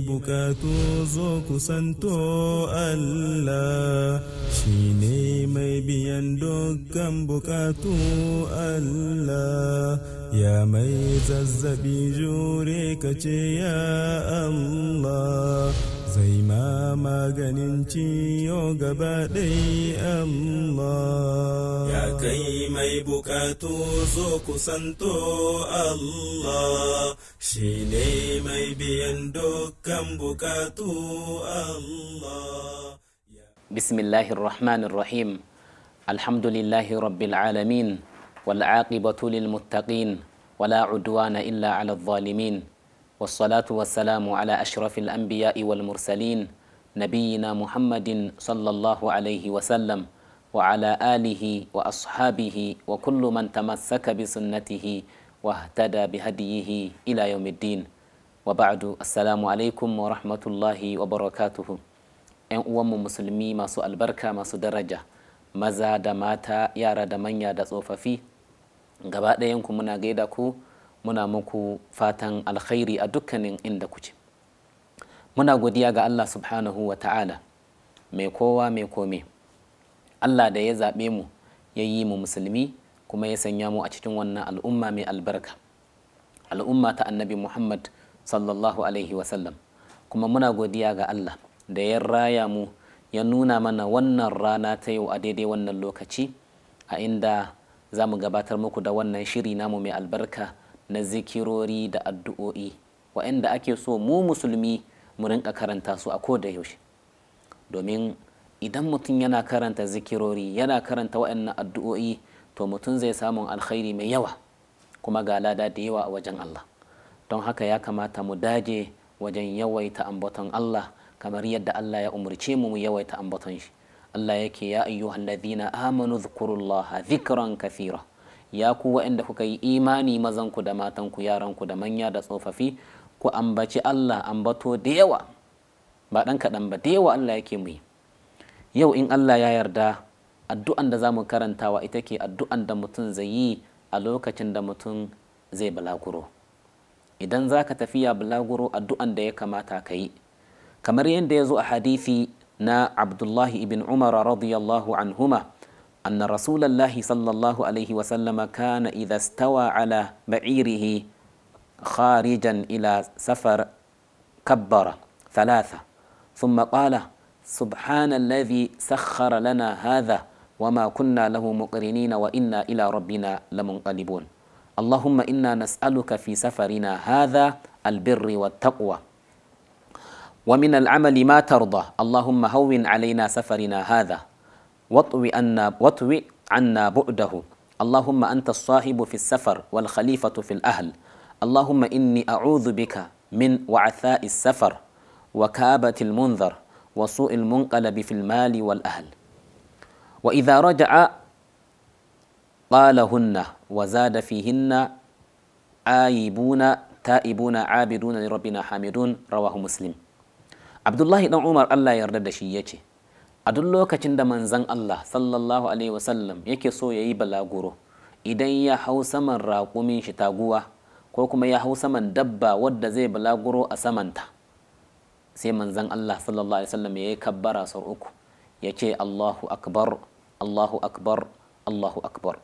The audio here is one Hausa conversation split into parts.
bukatu zo kusanto Allah shi ne mai biyan dukkan bukatu Allah ya mai zazzabi jure ka ce ya Allah zai ma maganin ciyo gaba ɗai Allah. Ya kai mai bukatu zo kusanto Allah. Shi ne mai biyan dukkan bukatu Allah. Bismillahirrahmanirrahim. Alhamdulillahi rabbil alamin. والعاقبة للمتقين ولا عدوان إلا على الظالمين والصلاة والسلام على أشرف الأنبياء والمرسلين نبينا محمد صلى الله عليه وسلم وعلى آله وأصحابه وكل من تمسك بسنته ila بهديه إلى wa ba'adu وبعد alaikum عليكم rahmatullahi wa barakatuhu ‘yan uwanmu musulmi masu albarka masu daraja maza da mata yara da manya da tsofaffi gaba ɗayanku muna gaida ku muna muku fatan alkhairi a dukkanin inda ku ce muna godiya ga allah subhanahu wa ta'ala mai kowa mai kome allah da ya zaɓe mu ya yi mu musulmi kuma ya sanya mu a cikin wannan al'umma mai albarka al'umma ta annabi muhammad sallallahu alaihi wasallam kuma muna godiya ga allah da ya raya mu ya nuna mana wannan rana ta yau a daidai wannan lokaci a inda za mu gabatar muku da wannan shiri namu mai albarka na zikirori da addu'o'i waɗanda ake so mu musulmi mu rinka karanta su a koda yaushe domin idan mutum yana karanta zikirori yana karanta waɗannan addu'o'i to mutum zai samun alkhairi mai yawa kuma ga lada da yawa a wajen Allah don haka ya kamata mu daje wajen yawaita ambaton Allah kamar yadda Allah ya umarce mu mu yawaita ambaton shi Allah yake ya ladina amanu dhkurullaha dhikran kathira ya ku waɗanda kuka yi imani mazan ku da matan ku yaran ku da manya da tsofaffi ku ambaci Allah ambato da yawa ba dan kaɗan ba da yawa Allah yake mu yau in Allah ya yarda addu'an da za mu karantawa ita ke addu'an da mutum zai yi a lokacin da mutum zai balaguro idan za ka tafiya balaguro addu'an da ya kamata ka yi kamar yadda ya zo a hadithi na abdullahi ibn umar radiyallahu anhuma أن رسول الله صلى الله عليه وسلم كان إذا استوى على بعيره خارجا إلى سفر كبر ثلاثة ثم قال سبحان الذي سخر لنا هذا وما كنا له مقرنين وإنا إلى ربنا لمنقلبون اللهم إنا نسألك في سفرنا هذا البر والتقوى ومن العمل ما ترضى اللهم هون علينا سفرنا هذا واطوي عنا واطوي عنا بعده اللهم أنت الصاحب في السفر والخليفة في الأهل اللهم إني أعوذ بك من وعثاء السفر وكابة المنذر وسوء المنقلب في المال والأهل wa idza raja'a qalahunna wa zada fihinna ayibuna ta'ibuna abiduna li rabbina hamidun rawahu muslim abdullahi dan umar Allah yarda da shi yace a duk lokacin da manzon Allah sallallahu alaihi wasallam yake so yayi balaguro idan ya hau saman raƙumin shi taguwa ko kuma ya hau saman dabba wadda zai balaguro a samanta sai manzon Allah sallallahu alaihi wasallam yayi kabbara sau uku yace Allahu akbar Allahu akbar Allahu akbar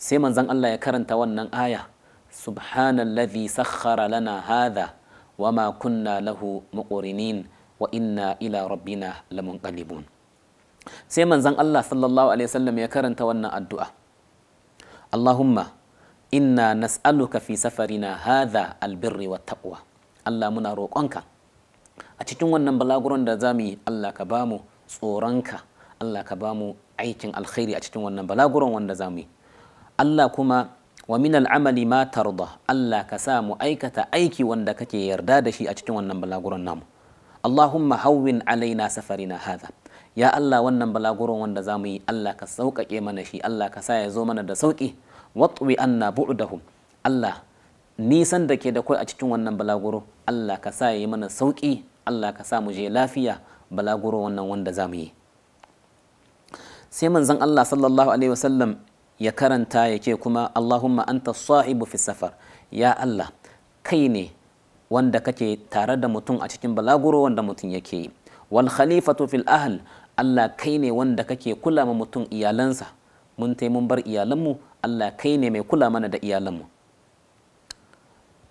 sai manzan Allah ya karanta wannan aya subhanallazi sakhara lana hadha ma kunna lahu muqrinin wa inna ila rabbina lamunqalibun sai manzan Allah sallallahu alaihi wasallam ya karanta wannan addu'a Allahumma inna nas'aluka fi safarina hadha albirri wa taqwa Allah muna roƙonka a cikin wannan balaguron da mu yi Allah ka bamu tsoronka Allah ka bamu aikin alkhairi a cikin wannan balaguron wanda za mu yi Allah kuma wa min al'amali ma tarda Allah ka sa mu aikata aiki wanda kake yarda da shi a cikin wannan balaguron namu Allahumma hawwin alaina na hadha ya Allah wannan balaguron wanda za mu yi Allah ka sauƙaƙe mana shi Allah ka sa ya zo mana da sauƙi watwi anna hu Allah nisan da ke da kai a cikin wannan balaguro Allah ka sa ya yi mana sauƙi Allah ka sa mu je lafiya balaguro wannan wanda za mu yi sai manzon Allah sallallahu alaihi wasallam ya karanta ya ce kuma Allahumma anta sahibu fi safar ya Allah kai ne wanda kake tare da mutum a cikin balaguro wanda mutum yake yi wal khalifatu fil ahl Allah kai ne wanda kake kula ma mutum iyalansa mun tai mun bar iyalanmu Allah kai ne mai kula mana da iyalanmu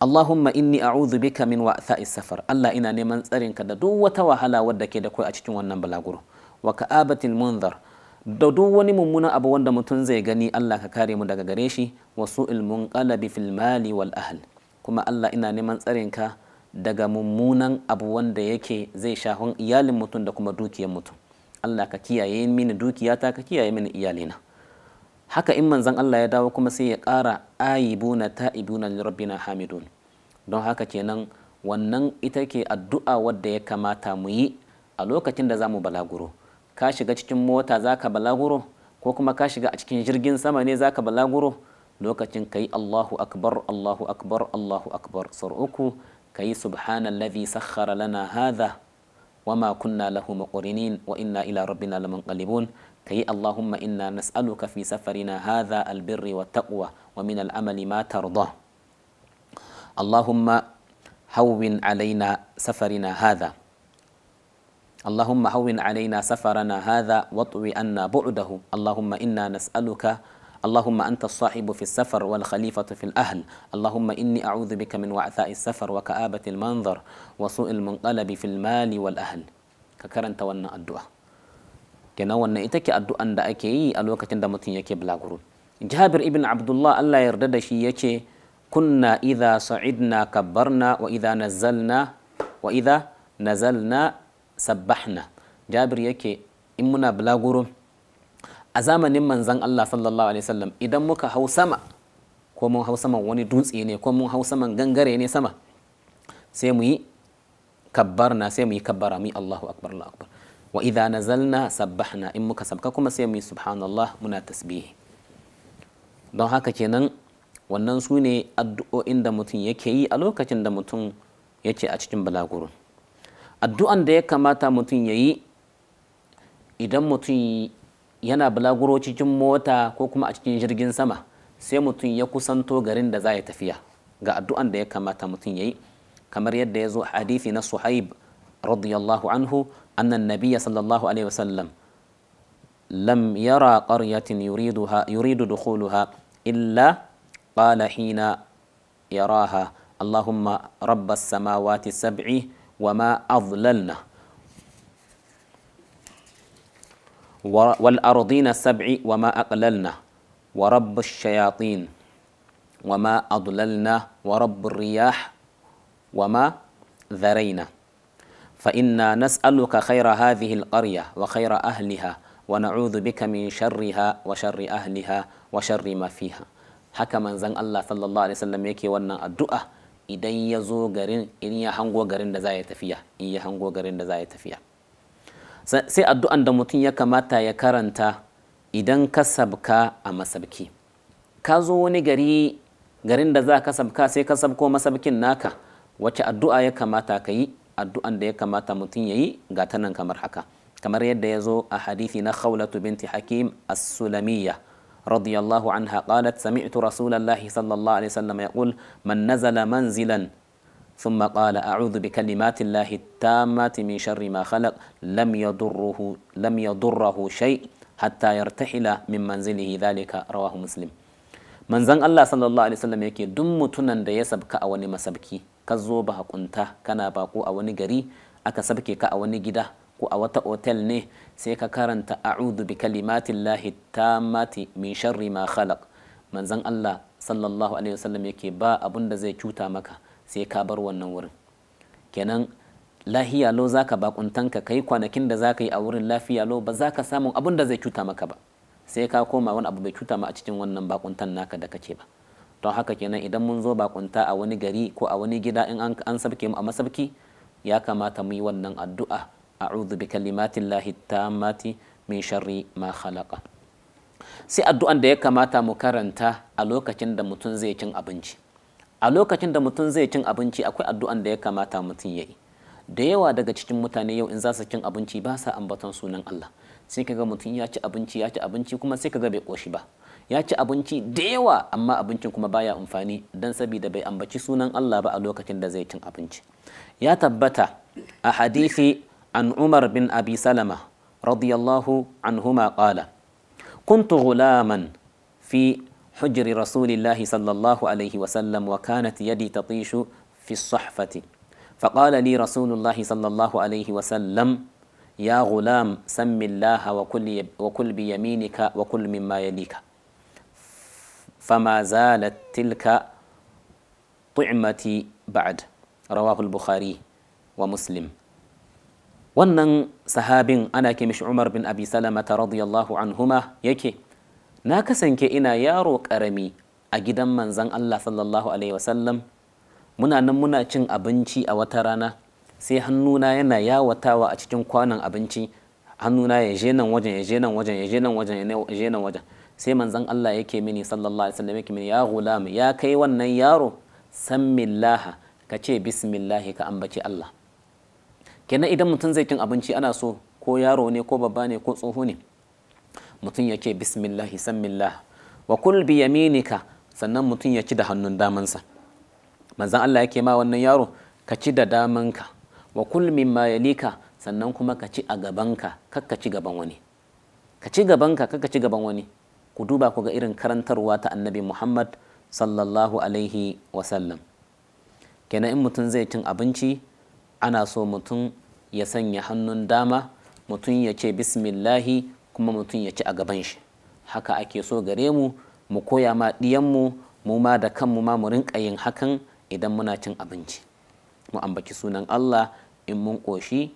Allahumma inni a'udhu bika min wa'tha'i safar Allah ina neman tsarinka da duk wata wahala wadda ke da kai a cikin wannan balaguro wa ka'abatil munzar da duk wani mummunan abu wanda mutum zai gani Allah ka kare mu daga gare shi wasu ilmun kalabi fil mali wal ahl kuma Allah ina neman tsarin ka daga mummunan abu wanda yake zai shahun iyalin mutum da kuma dukiyar mutum Allah ka kiyaye mini dukiyata ka kiyaye mini iyalina haka in manzon Allah ya dawo kuma sai ya ƙara ayibuna ta'ibuna rabbina hamidun don haka kenan wannan ita ke addu'a wadda ya kamata mu yi a lokacin da zamu balaguro ka shiga cikin mota zaka balaguro ko kuma ka shiga a cikin jirgin sama ne zaka balaguro lokacin kai allahu akbar allahu akbar allahu akbar sau uku ka yi subhanallazi sakhara lana hadha muqrinin wa inna ila rabbina lamunqalibun kai Allahumma inna nas'aluka fi safarina hadha albirri هذا taqwa wa min al'amali ma tarda Allahumma hawwin alaina safarina hadha اللهم هون علينا سفرنا هذا واطوي عنا بعده اللهم إنا نسألك اللهم أنت الصاحب في السفر والخليفة في الأهل اللهم إني أعوذ بك من وعثاء السفر وكآبة المنظر وسوء المنقلب في المال والأهل ككرن تونا الدعاء كنا ونا إتك الدعاء دا أكي ألوك تندمتين يكي بلاغرون جابر ابن عبد الله الله يردد شي يكي كنا إذا صعدنا كبرنا وإذا نزلنا وإذا نزلنا sabbahna jabir yake in muna bulaguro a zamanin manzan Allah sallallahu alaihi wasallam idan muka hau sama ko mun hau sama wani dutse ne ko mun hau sama gangare ne sama sai mu yi kabbarna sai mu yi kabbara mu yi Allahu akbar Allahu akbar wa idza nazalna sabbahna in muka sabka kuma sai mu yi subhanallah muna tasbihi don haka kenan wannan sune ne addu'o'in da mutum yake yi a lokacin da mutum yake a cikin balaguro addu'an da ya kamata mutum ya yi idan mutum yana bulaguro cikin mota ko kuma a cikin jirgin sama sai mutum ya kusanto garin da za ya tafiya ga addu'an da ya kamata mutum ya yi kamar yadda ya zo hadithi na suhaib radiyallahu anhu annan nabiya sallallahu alaihi wasallam lam yara ƙaryatin yuridu dukhuluha illa qala hina yaraha allahumma rabbas samawati sab'i وما أضللنا والأرضين السبع وما أقللنا ورب الشياطين وما أضللنا ورب الرياح وما ذرينا فإنا نسألك خير هذه القرية وخير أهلها ونعوذ بك من شرها وشر أهلها وشر ما فيها زن الله صلى الله عليه وسلم يكي ونا الدؤة idan ya zo garin in ya hango garin da za ya tafiya in ya hango garin da za ya tafiya sai addu'an da mutum ya kamata ya karanta idan ka sabka a masabki ka zo wani gari garin da za ka sabka sai ka sabko masabkin naka wacce addu'a ya kamata ka yi addu'an da ya kamata mutum ya yi ga ta kamar haka kamar yadda ya zo a hadithi na khawlatu binti hakim as-sulamiyya رضي الله عنها قالت سمعت رسول الله صلى الله عليه وسلم يقول من نزل منزلا ثم قال أعوذ بكلمات الله التامة من شر ما خلق لم يضره لم يضره شيء حتى يرتحل من منزله ذلك رواه مسلم من زن الله صلى الله عليه وسلم يكي دم تنن دي a wani masabki كزوبها zo ba باقو kana bako a wani gari aka ko a wata otel ne sai ka karanta a'udhu bi kalimatillahi tamati min sharri ma khalaq manzon Allah sallallahu alaihi wasallam yake ba abun da zai cuta maka sai ka bar wannan wurin kenan lahiya lo zaka bakuntanka kai kwanakin da zaka yi a wurin lafiya lo ba zaka samu abun da zai cuta maka ba sai ka koma wani abu bai cuta ma a cikin wannan bakuntan naka da kake ba don haka kenan idan mun zo bakunta a wani gari ko a wani gida in an sabke mu a masabki ya kamata mu yi wannan addu'a a'udhu bi kalimatillahi tammati min sharri ma khalaqa sai addu'an da ya kamata mu karanta a lokacin da mutum zai cin abinci a lokacin da mutum zai cin abinci akwai addu'an da ya kamata mutum ya yi da yawa daga cikin mutane yau in za su cin abinci ba sa ambaton sunan Allah sai kaga mutum ya ci abinci ya ci abinci kuma sai kaga bai koshi ba ya ci abinci da yawa amma abincin kuma baya amfani dan saboda bai ambaci sunan Allah ba a lokacin da zai cin abinci ya tabbata a hadisi عن عمر بن أبي سلمة رضي الله عنهما قال كنت غلاما في حجر رسول الله صلى الله عليه وسلم وكانت يدي تطيش في الصحفة فقال لي رسول الله صلى الله عليه وسلم يا غلام سم الله وكل, وكل بيمينك وكل مما يليك فما زالت تلك طعمتي بعد رواه البخاري ومسلم wannan sahabin ana ke mishi umar bin abi salamata radiyallahu anhuma yake na kasance ina yaro karami a gidan manzan allah sallallahu alaihi wasallam muna nan muna cin abinci a wata rana sai hannuna yana yawatawa a cikin kwanon abinci hannuna ya je nan wajen ya je nan wajen ya je nan wajen ya je nan wajen sai manzan Allah yake mini sallallahu alaihi wasallam yake mini ya gulam ya kai wannan yaro san millaha ka ce bismillahi ka ambaci Allah kenan idan mutum zai cin abinci ana so ko yaro ne ko babba ne ko tsoho ne mutum ya ce bismillah sammillah wa kul bi yaminika sannan mutum ya ci da hannun damansa manzan Allah ya ke ma wannan yaro ka ci da damanka wa kul mimma yalika sannan kuma ka ci a gabanka kakka ci gaban wani ka ci gabanka kakka ci gaban wani ku duba ku ga irin karantarwa ta annabi Muhammad sallallahu alaihi wasallam kenan in mutum zai cin abinci ana so mutum ya sanya hannun dama mutum ya ce bismillahi kuma mutum ya ci a gaban shi haka ake so gare mu mu koya ma ɗiyanmu mu ma da kanmu ma mu rinka yin hakan idan muna cin abinci mu ambaci sunan Allah in mun ƙoshi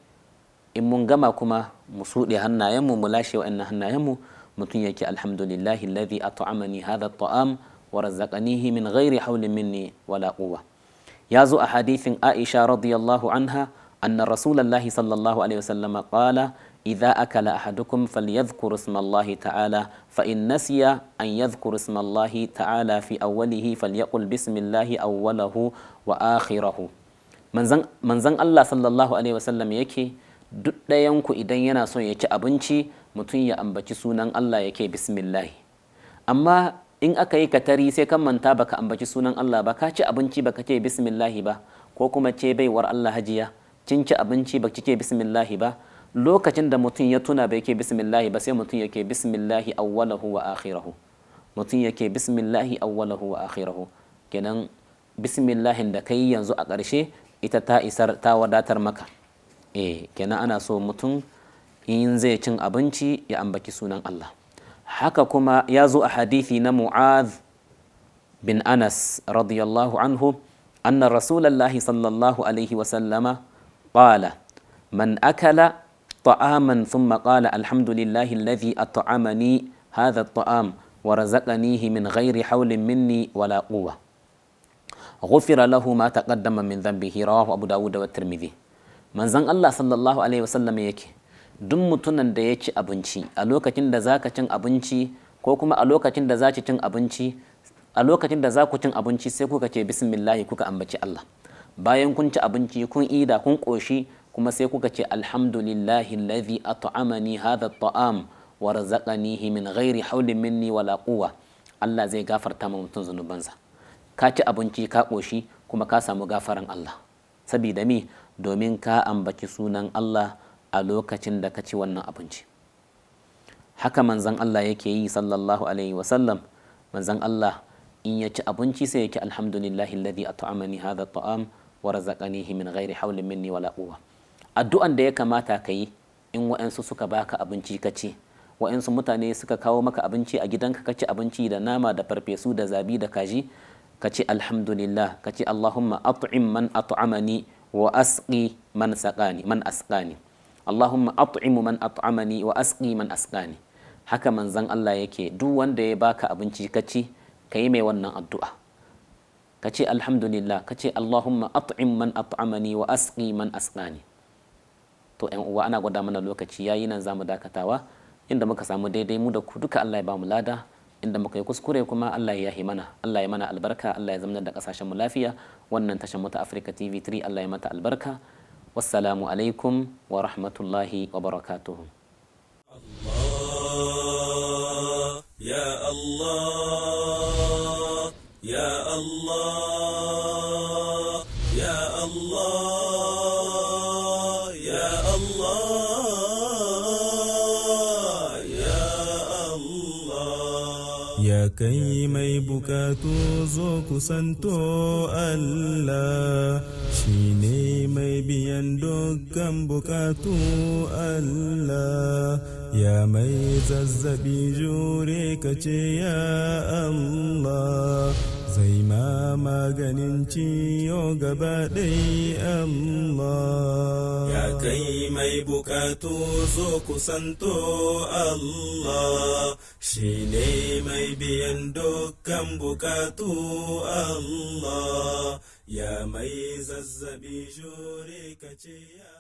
in mun gama kuma mu suɗe hannayen mu mu lashe hannayen mu mutum ya ce alhamdulillahi alladhi at'amani hadha at'am wa razaqanihi min ghairi hawlin minni wala quwwa ya zo a hadithin Aisha radiyallahu anha أن رسول الله صلى الله عليه وسلم قال إذا أكل أحدكم فليذكر اسم الله تعالى فإن نسي أن يذكر اسم الله تعالى في أوله فليقل بسم الله أوله وآخره من زن الله صلى الله عليه وسلم يكي duk ɗayanku idan yana so ya ci abinci mutum ya ambaci sunan Allah yake bismillahi amma in aka yi katari sai kan manta baka ambaci sunan Allah ba ka ci abinci baka ce bismillahi ba ko kuma ce baiwar Allah hajiya kin ci abinci ba kike bismillahi ba lokacin da mutum ya tuna ba yake bismillahi ba sai mutum yake bismillahi awwalahu wa akhirahu mutum yake bismillahi awwalahu wa akhirahu kenan bismillahin da kai yanzu a ƙarshe ita ta isar ta wadatar maka eh kenan ana so mutum in zai cin abinci ya ambaki sunan Allah haka kuma ya zo a hadithi na mu'az bin Anas radiyallahu anhu anna Rasulullahi sallallahu alaihi wa sallama qala man akala sun ta'aman alhamdu qala alhamdulillahi a at'amani hadha at'am wa razaqanihi min ghairi hawlin minni wala uwa. ghufira lahu ma taqaddama min dhanbihi rawahu abu dawud wa tirmidhi manzon Allah sallallahu alaihi wasallam yake duk mutumin da ya ci abinci a lokacin da zaka cin abinci ko kuma a lokacin da za ci abinci a lokacin da za ku cin abinci sai kuka ce bismillahi kuka ambaci Allah bayan kun ci abinci kun ida kun ƙoshi kuma sai kuka ce alhamdulillahi alladhi at'amani hadha at'am wa razaqanihi min ghairi hawlin minni wala quwwa Allah zai gafarta ma mutum zunubansa ka ci abinci ka ƙoshi kuma ka samu gafaran Allah sabida mi domin ka ambaci sunan Allah a lokacin da ka ci wannan abinci haka manzon Allah yake yi sallallahu alaihi wasallam manzon Allah in ya ci abinci sai ya ci alhamdulillahi alladhi at'amani hadha at'am wa razaqanihi min ghairi hawlin minni wala quwwa addu'an da ya kamata ka yi in wa'ansu suka baka abinci ka ci wa'ansu mutane suka kawo maka abinci a gidanka ka ci abinci da nama da farfesu da zabi da kaji ka ce alhamdulillah ka ce allahumma at'im man at'amani wa asqi man saqani man asqani allahumma at'im man at'amani wa asqi man asqani haka manzon Allah yake duk wanda ya baka abinci ka ci ka yi mai wannan addu'a ka ce alhamdulillah ka ce allahumma at'im man at'amani wa asqi man asqani to yan uwa ana gwada mana lokaci yayi nan zamu dakatawa inda muka samu daidai mu da ku duka Allah ya ba mu lada inda muka yi kuskure kuma Allah ya yahi mana Allah ya mana albarka Allah ya zama da kasashen mu lafiya wannan tashar mu ta Africa TV 3 Allah ya mata albarka wassalamu alaikum wa rahmatullahi wa barakatuh Allah ya Allah يا الله સકઈમય બુકાતો zo kusanto Allah shine mai biyan dukkan bukatu Allah ya mai zazzabi jure kace ya Allah zai ma maganin ciyo gaba ɗai Allah. Ya kai mai bukatu zo kusanto Allah, shi ne mai biyan dukkan bukatu Allah, ya mai zazzabi jure ka ya